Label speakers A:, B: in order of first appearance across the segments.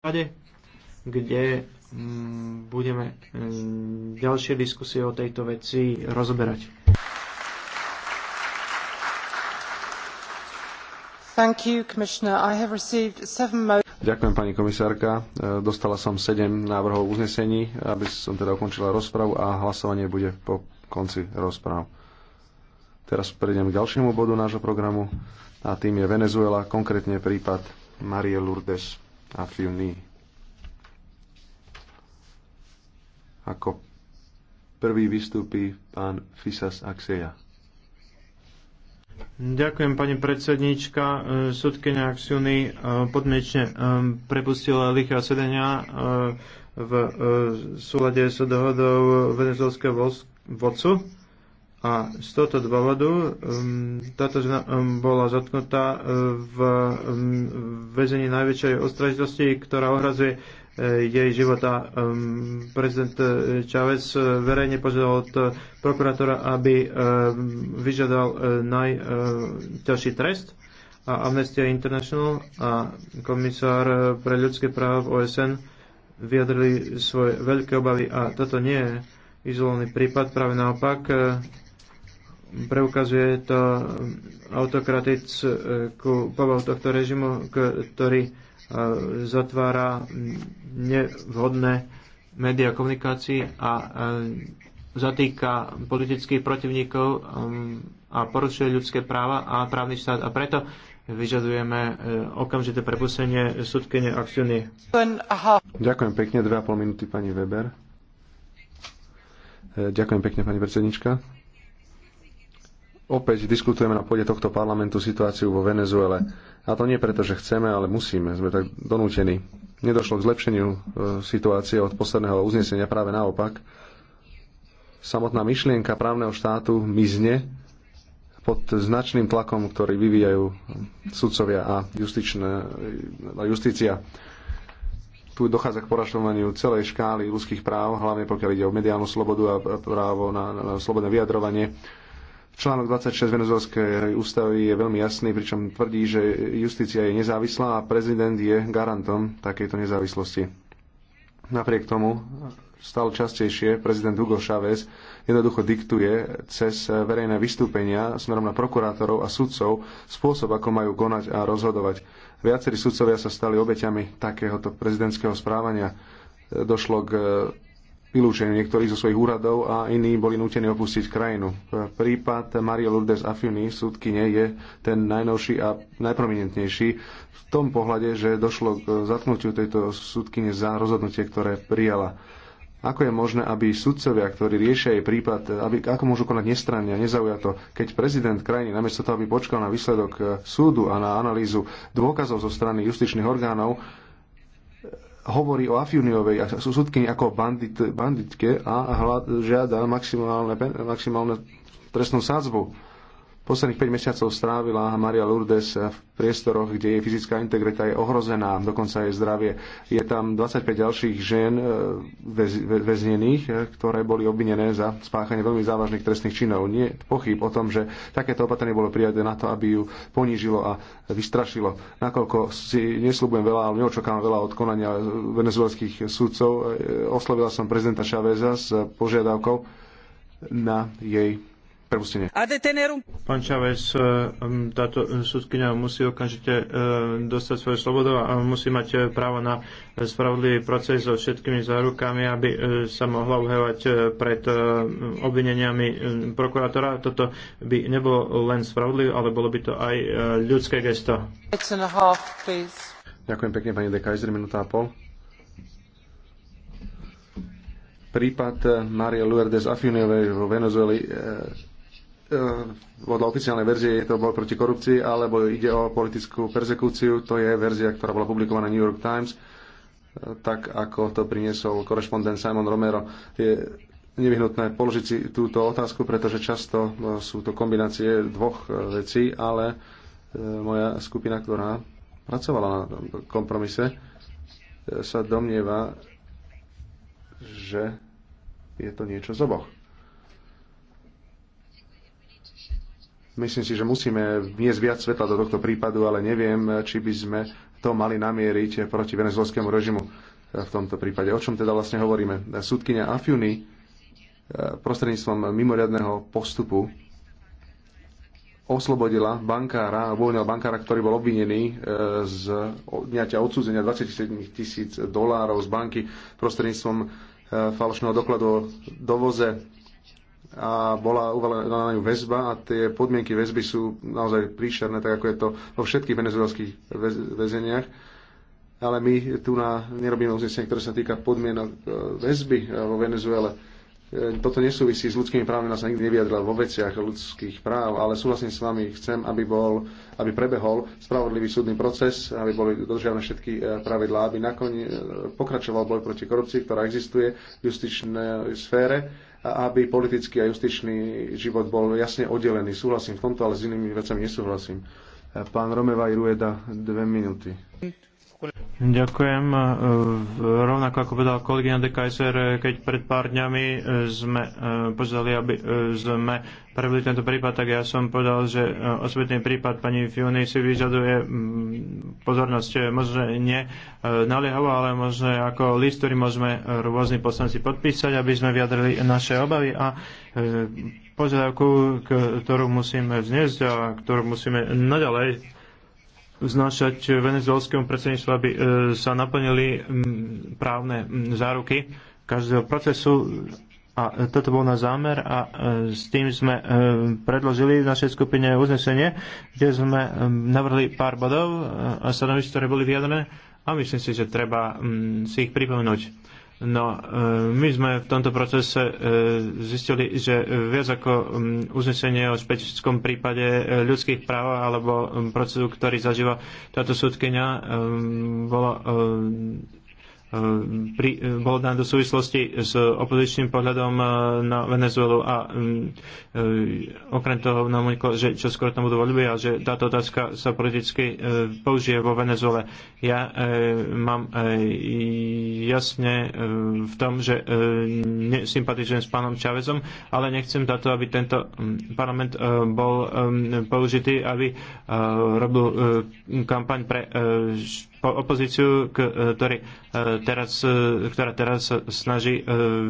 A: rade, kde mm, budeme mm, ďalšie diskusie o tejto veci rozoberať. You, seven...
B: Ďakujem, pani komisárka. E, dostala som sedem návrhov uznesení, aby som teda ukončila rozpravu a hlasovanie bude po konci rozpráv. Teraz prejdem k ďalšiemu bodu nášho programu a tým je Venezuela, konkrétne prípad Marie Lourdes a v Ako prvý vystúpi pán Fisas Axeja.
A: Ďakujem, pani predsednička. Sudkynia Axiuny e, podmienečne e, prepustila lichá Sedenia e, v súlade s dohodou venezuelského vodcu a z tohto dôvodu um, táto žena um, bola zatknutá uh, v um, väzení najväčšej ostražitosti, ktorá ohrazuje uh, jej života. Um, prezident uh, Chávez verejne požiadal od prokurátora, aby um, vyžiadal najťažší trest a Amnesty International a komisár pre ľudské práva v OSN vyjadrili svoje veľké obavy a toto nie je izolovaný prípad, práve naopak preukazuje to autokratickú povahu tohto režimu, ktorý e, zatvára nevhodné médiá komunikácií a e, zatýka politických protivníkov e, a porušuje ľudské práva a právny štát. A preto vyžadujeme okamžité prepustenie sudkene akciony.
B: Ďakujem pekne, dve a pol minúty pani Weber. Ďakujem pekne, pani predsednička. Opäť diskutujeme na pôde tohto parlamentu situáciu vo Venezuele. A to nie preto, že chceme, ale musíme. Sme tak donútení. Nedošlo k zlepšeniu e, situácie od posledného uznesenia, práve naopak. Samotná myšlienka právneho štátu mizne pod značným tlakom, ktorý vyvíjajú sudcovia e, a justícia. Tu dochádza k porašovaniu celej škály ľudských práv, hlavne pokiaľ ide o mediálnu slobodu a právo na, na, na slobodné vyjadrovanie. Článok 26 venezuelskej ústavy je veľmi jasný, pričom tvrdí, že justícia je nezávislá a prezident je garantom takejto nezávislosti. Napriek tomu stále častejšie prezident Hugo Chávez jednoducho diktuje cez verejné vystúpenia smerom na prokurátorov a sudcov spôsob, ako majú konať a rozhodovať. Viacerí sudcovia sa stali obeťami takéhoto prezidentského správania. Došlo k vylúčení niektorí zo svojich úradov a iní boli nútení opustiť krajinu. Prípad Marie Lourdes Afiny, súdkyne, je ten najnovší a najprominentnejší v tom pohľade, že došlo k zatknutiu tejto súdkyne za rozhodnutie, ktoré prijala. Ako je možné, aby sudcovia, ktorí riešia jej prípad, aby, ako môžu konať nestranne a nezaujato, keď prezident krajiny, namiesto toho, aby počkal na výsledok eh, súdu a na analýzu dôkazov zo strany justičných orgánov, hovorí o Afjuniovej a sú súdkyni ako bandit, banditke a hľad, žiada maximálne, maximálne trestnú sádzbu Posledných 5 mesiacov strávila Maria Lourdes v priestoroch, kde jej fyzická integrita je ohrozená, dokonca jej zdravie. Je tam 25 ďalších žien e, väz, väznených, e, ktoré boli obvinené za spáchanie veľmi závažných trestných činov. Nie pochyb o tom, že takéto opatrenie bolo prijaté na to, aby ju ponížilo a vystrašilo. Nakoľko si nesľubujem veľa, ale neočakávam veľa od konania venezuelských súdcov, e, oslovila som prezidenta Chaveza s požiadavkou na jej prepustenie.
A: Pán Čavez, eh, táto eh, súdkynia musí okamžite eh, dostať svoju slobodu a musí mať právo na spravodlivý proces so všetkými zárukami, aby sa mohla uhevať pred obvineniami prokurátora. Toto by nebolo len spravodlivé, ale bolo by to aj
B: ľudské gesto. Half, Ďakujem pekne, pani Dekajzer, minúta a pol. Prípad Marie Lourdes Afiniovej vo Venezueli Eh, podľa oficiálnej verzie je to boj proti korupcii, alebo ide o politickú persekúciu, to je verzia, ktorá bola publikovaná New York Times, eh, tak ako to priniesol korešpondent Simon Romero. Je nevyhnutné položiť si túto otázku, pretože často eh, sú to kombinácie dvoch vecí, ale moja skupina, ktorá pracovala na kompromise, sa domnieva, že je to niečo z oboch. Myslím si, že musíme vniesť viac svetla do tohto prípadu, ale neviem, či by sme to mali namieriť proti venezuelskému režimu v tomto prípade. O čom teda vlastne hovoríme? Súdkynia Afiuny eh, prostredníctvom mimoriadného postupu oslobodila bankára, uvoľnila bankára, ktorý bol obvinený eh, z odňatia odsúzenia 27 tisíc dolárov z banky prostredníctvom eh, falošného dokladu o dovoze a bola uvalená na ňu väzba a tie podmienky väzby sú naozaj príšerné, tak ako je to vo všetkých venezuelských väz, väzeniach. Ale my tu na, nerobíme uznesenie, ktoré sa týka podmienok e, väzby e, vo Venezuele. E, toto nesúvisí s ľudskými právami, nás nikdy nevyjadrila vo veciach ľudských práv, ale súhlasím s vami, chcem, aby, bol, aby prebehol spravodlivý súdny proces, aby boli dodržiavané všetky pravidlá, aby nakoniec pokračoval boj proti korupcii, ktorá existuje v justičnej sfére aby politický a justičný život bol jasne oddelený. Súhlasím v tomto, ale s inými vecami nesúhlasím. Pán Romeva Irueda, dve minúty.
A: Ďakujem. E, rovnako ako povedal kolegyňa de Kaiser, e, keď pred pár dňami e, sme požiadali, aby sme prebili tento prípad, tak ja som povedal, že osobitný prípad pani Fiony si vyžaduje pozornosť možno nie naliehavo, ale možno ako list, ktorý môžeme rôzni poslanci podpísať, aby sme vyjadrili naše obavy a požiadavku, ktorú musíme vzniesť a ktorú musíme naďalej vznášať venezuelskému predsedníctvu, aby e, sa naplnili právne záruky každého procesu. A e, toto bol náš zámer a e, s tým sme predložili v našej skupine uznesenie, kde sme navrhli pár bodov a stanovisk, ktoré boli vyjadrené a myslím si, že treba si ich pripomenúť. No, e, my sme v tomto procese e, zistili, že viac ako uznesenie o špecifickom prípade e, ľudských práv alebo procesu, ktorý zažíva táto súdkynia, bolo Ehm, pri, ehm, bolo dané do súvislosti s opozičným pohľadom ehm, na Venezuelu a um, okrem toho nám uniklo, že čo skoro tam budú voľby a že táto otázka sa politicky uh, použije vo Venezuele. Ja uh, mám uh, jasne uh, v tom, že uh, nesympatizujem s pánom Čavezom, ale nechcem to, aby tento parlament uh, bol um, použitý, aby uh, robil uh, kampaň pre uh, opozíciu, e, ktorý e, teraz, e, ktorá teraz snaží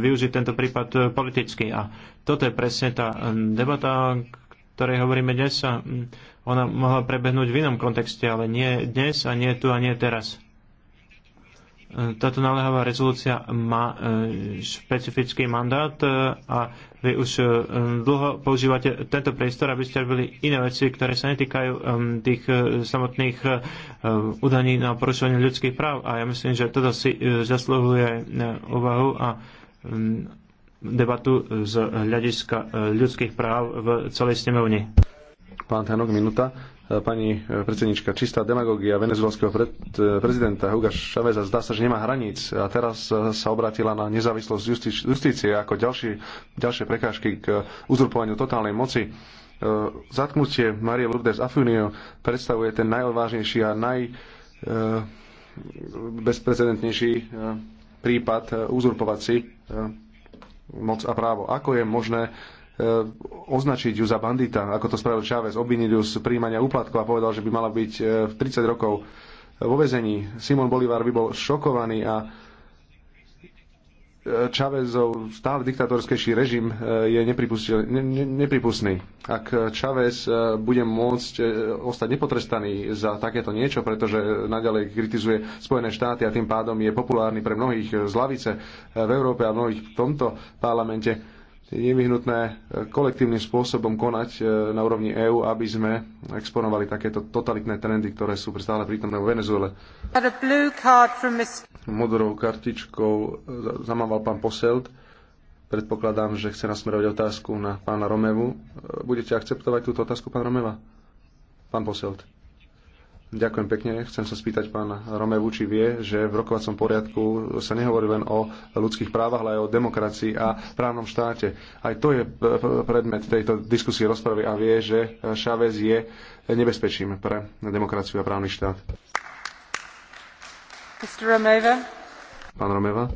A: využiť tento prípad politicky. A toto je presne tá debata, o ktorej hovoríme dnes. Mm, ona mohla prebehnúť v inom kontexte, ale nie dnes a nie tu a nie teraz táto naléhavá rezolúcia má e, špecifický mandát e, a vy už e, dlho používate tento priestor, aby ste robili iné veci, ktoré sa netýkajú tých samotných udaní na porušovanie ľudských práv. A ja myslím, že toto si zasluhuje úvahu a mm, debatu z
B: hľadiska ľudských práv v celej snemovni. Pán Tanok, minúta. Pani predsednička, čistá demagogia venezuelského pre, prezidenta Huga Chaveza zdá sa, že nemá hraníc a teraz sa obratila na nezávislosť justície ako ďalší, ďalšie prekážky k uzurpovaniu totálnej moci e, zatknutie Marie Lourdes Afunio predstavuje ten najodvážnejší a najbezprecedentnejší e, e, prípad uzurpovací moc a právo. Ako je možné Eh, označiť ju za bandita, ako to spravil Chávez, obvinil ju z príjmania úplatku a povedal, že by mala byť eh, v 30 rokov vo vezení. Simon Bolívar by bol šokovaný a eh, Chávezov stále diktatorskejší režim je nepripustný. Ak Chávez bude môcť ostať nepotrestaný za takéto niečo, pretože naďalej kritizuje Spojené štáty a tým pádom je populárny pre mnohých z lavice v Európe a mnohých v tomto parlamente, je nevyhnutné eh, kolektívnym spôsobom konať eh, na úrovni EÚ, aby sme exponovali takéto totalitné trendy, ktoré sú stále prítomné v Venezuele. Modrou kartičkou eh, zamával pán Poselt. Predpokladám, že chce nasmerovať otázku na pána Romevu. Budete akceptovať túto otázku, pán Romeva? Pán Poselt. Ďakujem pekne. Chcem sa spýtať pán Romevu, či vie, že v rokovacom poriadku sa nehovorí len o ľudských právach, ale aj o demokracii a právnom štáte. Aj to je predmet tejto diskusie rozpravy a vie, že Šavez je nebezpečím pre demokraciu a právny štát. Pán Romeva.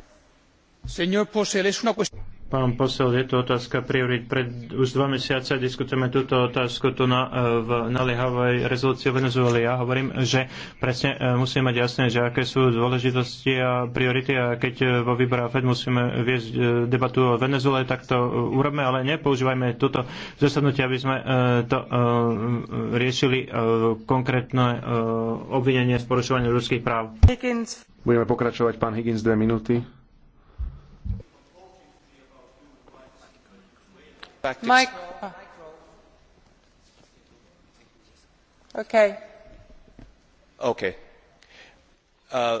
B: Pán posel, je to otázka
A: priorit. Pred už dva mesiace diskutujeme túto otázku tu na, e, v naliehavej rezolúcii Venezuely. Venezueli. Ja hovorím, že presne e, musíme mať jasné, že aké sú dôležitosti a priority a keď e, vo výbora FED musíme viesť debatu o Venezuele, tak to urobme, ale nepoužívajme túto zasadnutie, aby sme to riešili konkrétne obvinenie z porušovania ľudských práv. Higgins.
B: Budeme pokračovať, pán Higgins, dve minúty. Oh. Uh,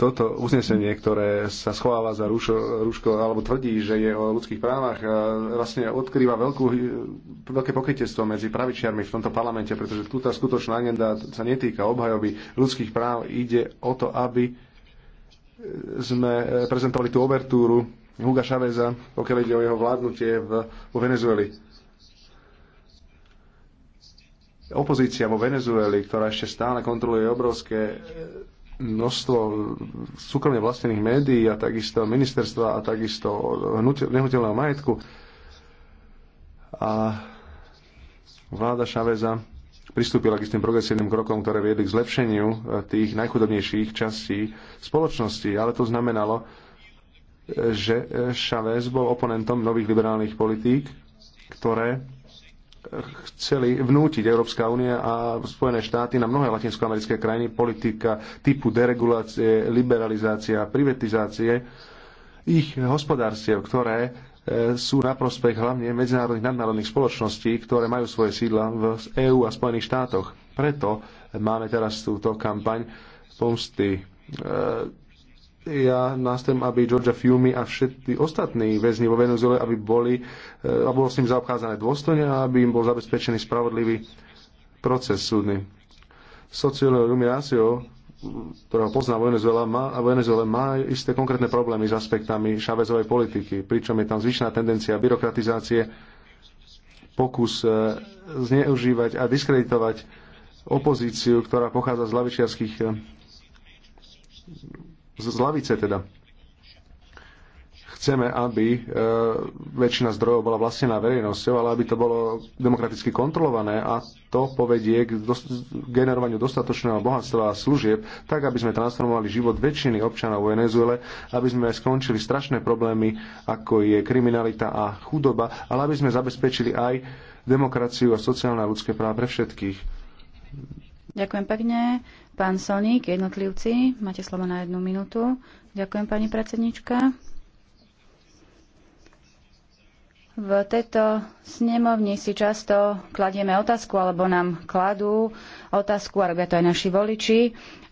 B: toto uznesenie, ktoré sa schováva za rúško, alebo tvrdí, že je o ľudských právach, uh, vlastne odkrýva veľkú, veľké pokrytectvo medzi pravičiarmi v tomto parlamente, pretože tu tá skutočná agenda sa netýka obhajoby ľudských práv, ide o to, aby sme eh, prezentovali tú overtúru Huga Chaveza, pokiaľ ide o jeho vládnutie v, vo Venezueli. Opozícia vo Venezueli, ktorá ešte stále kontroluje obrovské e, množstvo súkromne vlastnených médií a takisto ministerstva a takisto nehnuteľného majetku. A vláda Chaveza pristúpila k istým progresívnym krokom, ktoré viedli k zlepšeniu e, tých najchudobnejších častí spoločnosti, ale to znamenalo, že Chavez bol oponentom nových liberálnych politík, ktoré chceli vnútiť Európska únia a Spojené štáty na mnohé latinskoamerické krajiny politika typu deregulácie, liberalizácia, privatizácie ich hospodárstiev, ktoré e, sú na prospech hlavne medzinárodných nadnárodných spoločností, ktoré majú svoje sídla v EÚ a Spojených štátoch. Preto máme teraz túto kampaň pomsty e, ja nastem, aby Georgia Fiumi a všetci ostatní väzni vo Venezuele, aby boli, eh, aby bolo s ním zaobchádzané dôstojne a aby im bol zabezpečený spravodlivý proces súdny. Sociolo Rumiacio, ktorého pozná Venezuela, má, a Venezuela má isté konkrétne problémy s aspektami šavezovej politiky, pričom je tam zvyšná tendencia byrokratizácie, pokus eh, zneužívať a diskreditovať opozíciu, ktorá pochádza z lavičiarských eh, z, z lavice teda. Chceme, aby e, väčšina zdrojov bola vlastnená verejnosťou, ale aby to bolo demokraticky kontrolované a to povedie k dos- generovaniu dostatočného bohatstva a služieb, tak aby sme transformovali život väčšiny občanov v Venezuele, aby sme skončili strašné problémy, ako je kriminalita a chudoba, ale aby sme zabezpečili aj demokraciu a sociálne a ľudské práva pre všetkých
C: Ďakujem pekne. Pán Soník, jednotlivci, máte slovo na jednu minútu. Ďakujem, pani predsednička. V tejto snemovni si často kladieme otázku, alebo nám kladú otázku, a robia to aj naši voliči,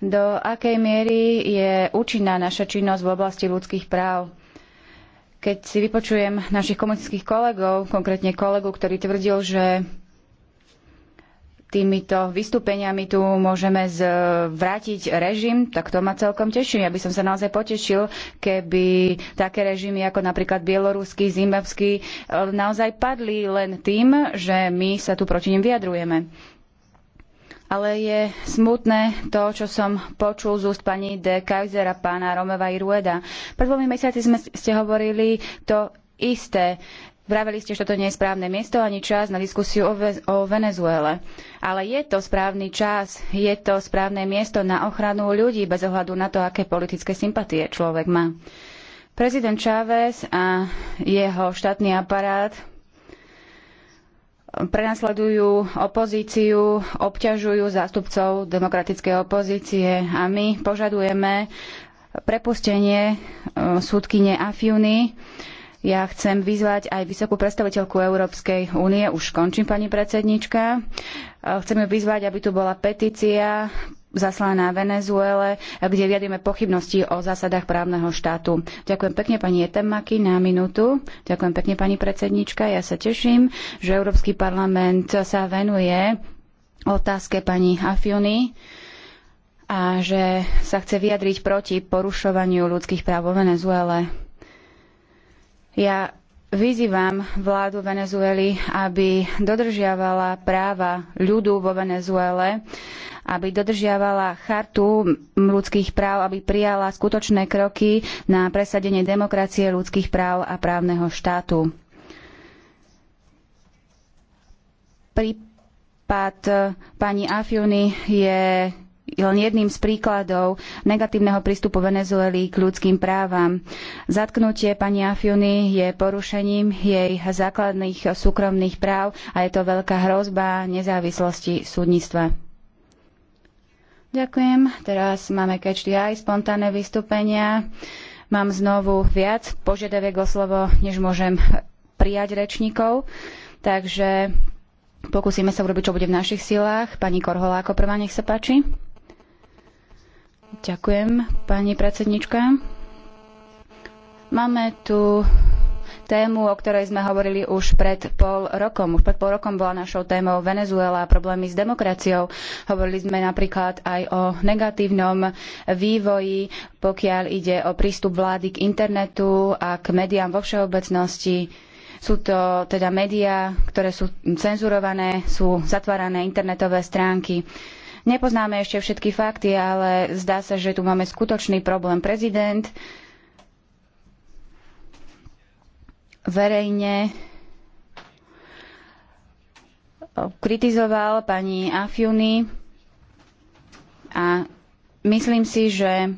C: do akej miery je účinná naša činnosť v oblasti ľudských práv. Keď si vypočujem našich komunistických kolegov, konkrétne kolegu, ktorý tvrdil, že týmito vystúpeniami tu môžeme zvrátiť režim, tak to ma celkom teší. Ja by som sa naozaj potešil, keby také režimy ako napríklad bieloruský, zimbabský e, naozaj padli len tým, že my sa tu proti nim vyjadrujeme. Ale je smutné to, čo som počul z úst pani de Kaisera, pána Romeva i Rueda. Pred dvomi mesiaci sme ste hovorili to isté. Vraveli ste, že toto nie je správne miesto ani čas na diskusiu o, Ve- o Venezuele. Ale je to správny čas, je to správne miesto na ochranu ľudí bez ohľadu na to, aké politické sympatie človek má. Prezident Chávez a jeho štátny aparát prenasledujú opozíciu, obťažujú zástupcov demokratickej opozície a my požadujeme prepustenie e, súdkyne Afiuny ja chcem vyzvať aj vysokú predstaviteľku Európskej únie, už končím pani predsednička. E, chcem ju vyzvať, aby tu bola petícia zaslaná Venezuele, kde vyjadrime pochybnosti o zásadách právneho štátu. Ďakujem pekne pani Etemaki na minútu. Ďakujem pekne pani predsednička. Ja sa teším, že Európsky parlament sa venuje otázke pani Afiony a že sa chce vyjadriť proti porušovaniu ľudských práv vo Venezuele. Ja vyzývam vládu Venezuely, aby dodržiavala práva ľudu vo Venezuele, aby dodržiavala chartu ľudských práv, aby prijala skutočné kroky na presadenie demokracie, ľudských práv a právneho štátu. Prípad pani Afiuny je len jedným z príkladov negatívneho prístupu Venezueli k ľudským právam. Zatknutie pani Afiuny je porušením jej základných súkromných práv a je to veľká hrozba nezávislosti súdnictva. Ďakujem. Teraz máme catch the eye, spontánne vystúpenia. Mám znovu viac požiadaviek o slovo, než môžem prijať rečníkov. Takže pokúsime sa urobiť, čo bude v našich silách. Pani Korholá, ako prvá, nech sa páči. Ďakujem, pani predsednička. Máme tu tému, o ktorej sme hovorili už pred pol rokom. Už pred pol rokom bola našou témou Venezuela a problémy s demokraciou. Hovorili sme napríklad aj o negatívnom vývoji, pokiaľ ide o prístup vlády k internetu a k médiám vo všeobecnosti. Sú to teda médiá, ktoré sú cenzurované, sú zatvárané internetové stránky. Uh, Nepoznáme ešte všetky fakty, ale zdá sa, že tu máme skutočný problém. Prezident verejne kritizoval pani Afiuny a myslím si, že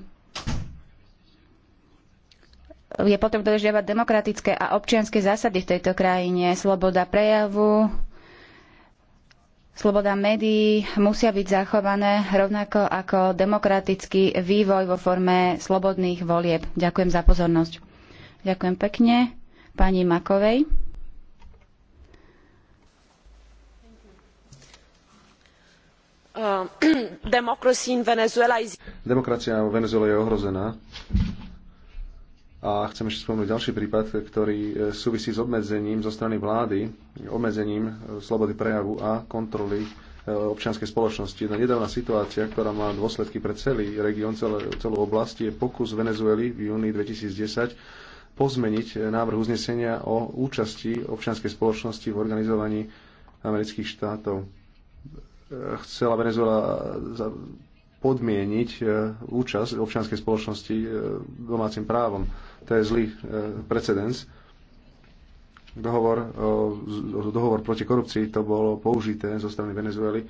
C: je potrebné dodržiavať demokratické a občianske zásady v tejto krajine, sloboda prejavu, Sloboda médií musia byť zachované rovnako ako demokratický vývoj vo forme slobodných volieb. Ďakujem za pozornosť. Ďakujem pekne pani Makovej.
B: Demokracia v Venezuele je ohrozená a chcem ešte spomenúť ďalší prípad, ktorý e, súvisí s obmedzením zo strany vlády, obmedzením e, slobody prejavu a kontroly e, občianskej spoločnosti. Jedna nedávna situácia, ktorá má dôsledky pre celý región, celú oblasť, je pokus Venezuely v júni 2010 pozmeniť návrh uznesenia o účasti občianskej spoločnosti v organizovaní amerických štátov. Chcela Venezuela podmieniť e, účasť občianskej spoločnosti e, domácim právom. To je zlý e, precedens. Dohovor, dohovor proti korupcii to bolo použité zo strany Venezuely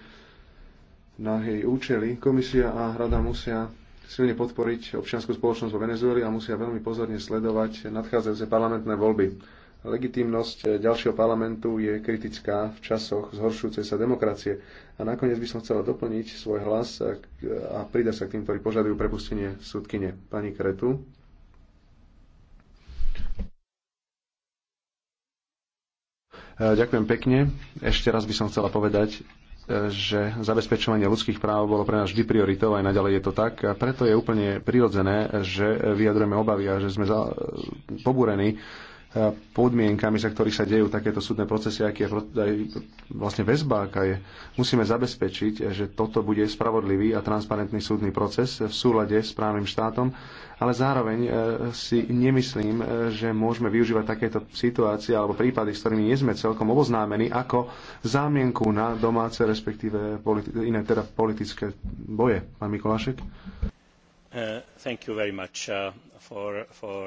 B: na jej účely. Komisia a rada musia silne podporiť občianskú spoločnosť vo Venezueli a musia veľmi pozorne sledovať nadchádzajúce parlamentné voľby Legitímnosť eh, ďalšieho parlamentu je kritická v časoch zhoršujúcej sa demokracie. A nakoniec by som chcela doplniť svoj hlas a, eh, a pridať sa k tým, ktorí požadujú prepustenie súdkyne. Pani Kretu. Eh, ďakujem pekne. Ešte raz by som chcela povedať, že zabezpečovanie ľudských práv bolo pre nás vždy prioritou, aj naďalej je to tak. A preto je úplne prirodzené, že vyjadrujeme obavy a že sme za... pobúrení podmienkami, za ktorých sa dejú takéto súdne procesy, aký je aj vlastne väzba, aká je. Musíme zabezpečiť, že toto bude spravodlivý a transparentný súdny proces v súlade s právnym štátom, ale zároveň e, si nemyslím, e, že môžeme využívať takéto situácie alebo prípady, s ktorými nie sme celkom oboznámení, ako zámienku na domáce, respektíve politi- iné teda politické boje. Pán Mikulášek.
A: Uh, thank you very much, uh, for, for...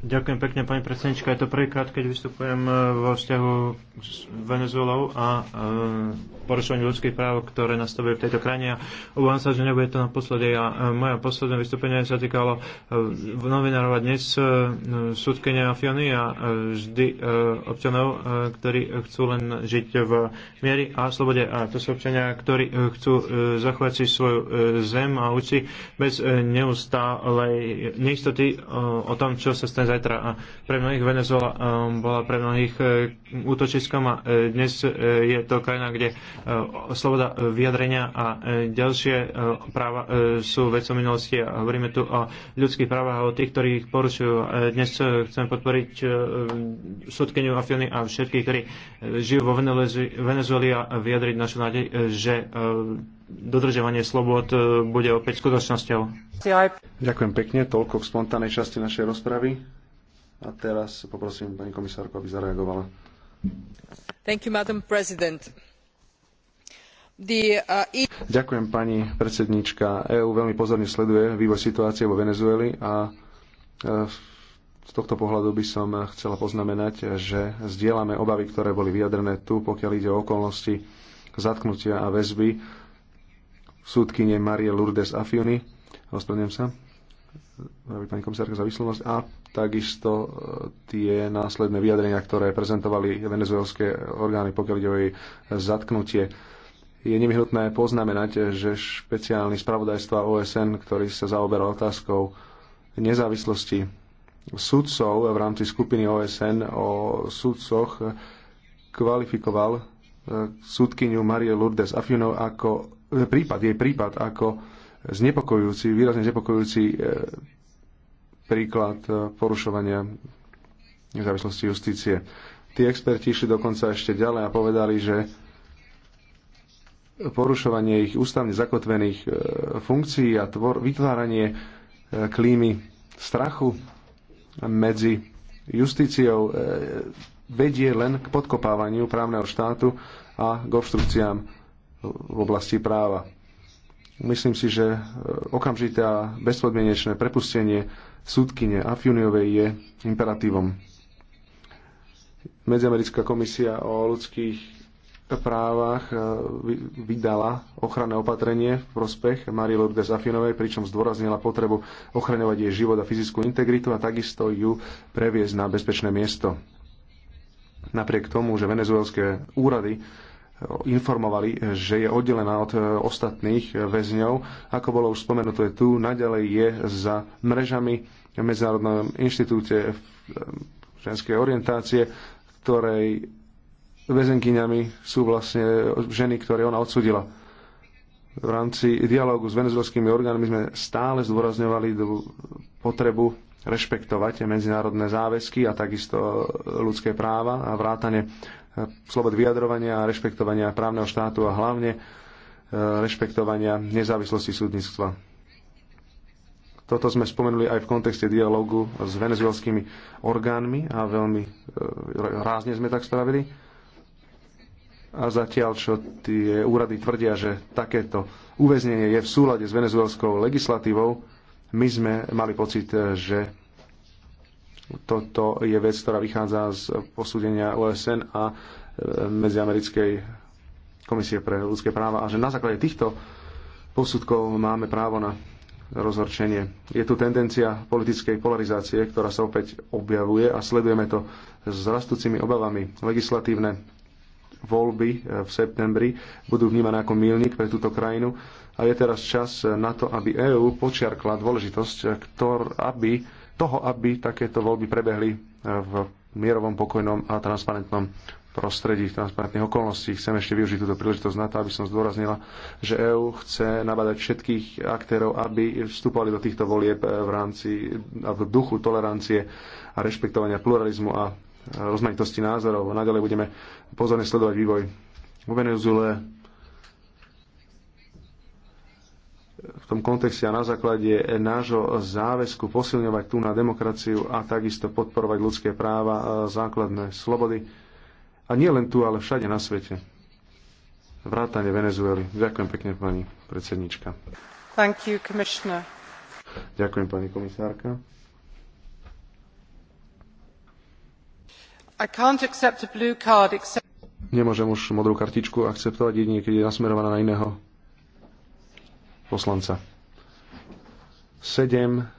A: Ďakujem pekne, pani predsednička. Je to prvýkrát, keď vystupujem e, vo vzťahu s Venezuelou a e, porušovaní ľudských práv, ktoré nastavujú v tejto krajine. A obávam sa, že nebude to naposledy. A e, moje posledné vystúpenie sa týkalo e, novinárov a dnes e, súdkenia a Fiony a e, vždy e, občanov, e, ktorí chcú len žiť v miery a slobode. A to sú občania, ktorí e, chcú e, zachovať si svoju e, zem a uči bez e, neustálej neistoty e, o tom, čo sa stane zajtra. A pre mnohých Venezuela um, bola pre mnohých e, útočiskom a e, dnes e, je to krajina, kde sloboda vyjadrenia a ďalšie práva sú vecou minulosti a hovoríme tu o ľudských právach a o tých, ktorí ich porušujú. Dnes chcem podporiť súdkeniu a Afiony a všetkých, ktorí žijú vo Venezueli a vyjadriť našu nádej, že dodržovanie slobod bude opäť skutočnosťou.
B: Ďakujem pekne, toľko v spontánnej časti našej rozpravy. A teraz poprosím pani komisárku, aby zareagovala.
A: Thank you, Madam President.
B: The, uh, e- Ďakujem pani predsedníčka. EÚ veľmi pozorne sleduje vývoj situácie vo Venezueli a e, z tohto pohľadu by som chcela poznamenať, že zdieľame obavy, ktoré boli vyjadrené tu, pokiaľ ide o okolnosti zatknutia a väzby súdkyne Marie Lourdes Afiony. Ospravedlňujem sa pani komisárka za vyslovnosť a takisto e, tie následné vyjadrenia, ktoré prezentovali venezuelské orgány, pokiaľ ide o jej zatknutie. Je nevyhnutné poznamenať, že špeciálny spravodajstva OSN, ktorý sa zaoberal otázkou nezávislosti sudcov v rámci skupiny OSN o sudcoch, kvalifikoval e, sudkyniu Marie Lourdes Afinov ako e, prípad, jej prípad ako znepokojujúci, výrazne znepokojujúci e, príklad e, porušovania nezávislosti justície. Tí experti išli dokonca ešte ďalej a povedali, že porušovanie ich ústavne zakotvených e, funkcií a tvor, vytváranie klímy strachu medzi justíciou vedie len k podkopávaniu právneho štátu a k obštrukciám v oblasti práva. Myslím si, že e, okamžité a bezpodmienečné prepustenie súdkyne Afjuniovej je imperatívom. Medziamerická komisia o ľudských právach e, vydala ochranné opatrenie v prospech Marie Lourdes Afinovej, pričom zdôraznila potrebu ochraňovať jej život a fyzickú integritu a takisto ju previesť na bezpečné miesto. Napriek tomu, že venezuelské úrady informovali, že je oddelená od e, ostatných e, väzňov. Ako bolo už spomenuté tu, naďalej je za mrežami v Medzinárodnom inštitúte e, ženskej orientácie, ktorej väzenkyňami sú vlastne ženy, ktoré ona odsudila. V rámci dialógu s venezuelskými orgánmi sme stále zdôrazňovali potrebu rešpektovať medzinárodné záväzky a takisto ľudské práva a vrátane slobod vyjadrovania a rešpektovania právneho štátu a hlavne e, rešpektovania nezávislosti súdnictva. Toto sme spomenuli aj v kontexte dialogu s venezuelskými orgánmi a veľmi e, rázne sme tak spravili. A zatiaľ, čo tie úrady tvrdia, že takéto uväznenie je v súlade s venezuelskou legislatívou, my sme mali pocit, e, že toto je vec, ktorá vychádza z posúdenia OSN a e, Medziamerickej komisie pre ľudské práva a že na základe týchto posudkov máme právo na rozhorčenie. Je tu tendencia politickej polarizácie, ktorá sa opäť objavuje a sledujeme to s rastúcimi obavami. Legislatívne voľby e, v septembri budú vnímané ako milník pre túto krajinu a je teraz čas na to, aby EÚ počiarkla dôležitosť, ktor, aby toho, aby takéto voľby prebehli e, v mierovom, pokojnom a transparentnom prostredí, v transparentných okolnosti. Chcem ešte využiť túto príležitosť na to, aby som zdôraznila, že EÚ chce nabadať všetkých aktérov, aby vstupovali do týchto volieb e, v rámci a v duchu tolerancie a rešpektovania pluralizmu a e, rozmanitosti názorov. Naďalej budeme pozorne sledovať vývoj vo Venezuele, v tom kontexte a na základe nášho záväzku posilňovať tú na demokraciu a takisto podporovať ľudské práva, základné slobody. A nie len tu, ale všade na svete. Vrátane Venezuely. Ďakujem pekne, pani predsednička. Thank you, Ďakujem, pani komisárka.
A: I can't accept a blue card except...
B: Nemôžem už modrú kartičku akceptovať jedine, keď je nasmerovaná na iného poslanca. 7